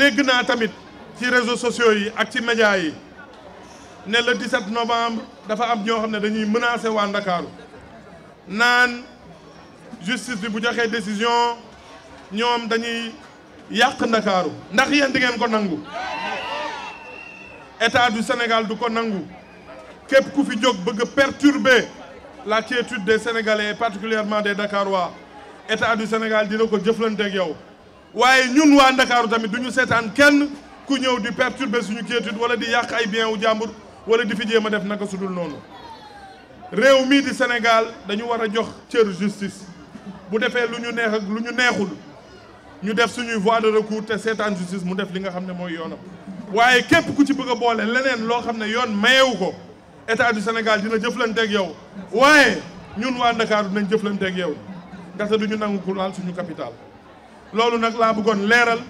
Les tamit ci réseaux sociaux yi ak ci médias yi le 17 novembre dafa am ño xam dañuy menacer wa la justice justice bi bu joxee décision ñom dañuy yak Dakar ndax yeen di ngeen ko nangu état du Sénégal du ko nangu képp ku fi jog bëgg perturber la quiétude des Sénégalais particulièrement des Dakarois état du Sénégal dina ko jëflante ak yow waaye ñun waa Ndakaaru tamit du ñu seetaan kenn ku ñëw di perturber suñu quiétude wala di yàq ay bien wu jàmbur wala di fi ma def naka su dul noonu réew mii di Sénégal dañu war a jox cër justice bu defee lu ñu neex ak lu ñu neexul ñu def suñuy voie de te seetaan justice mu def li nga xam ne mooy yoonam waaye képp ku ci bëgg a boole leneen loo xam ne yoon mayewu ko état du Sénégal dina jëflanteeg yow waaye ñun waa Ndakaaru dinañ jëflanteeg yow ndaxte du ñu nangu capital loolu nag laa bëggoon leeral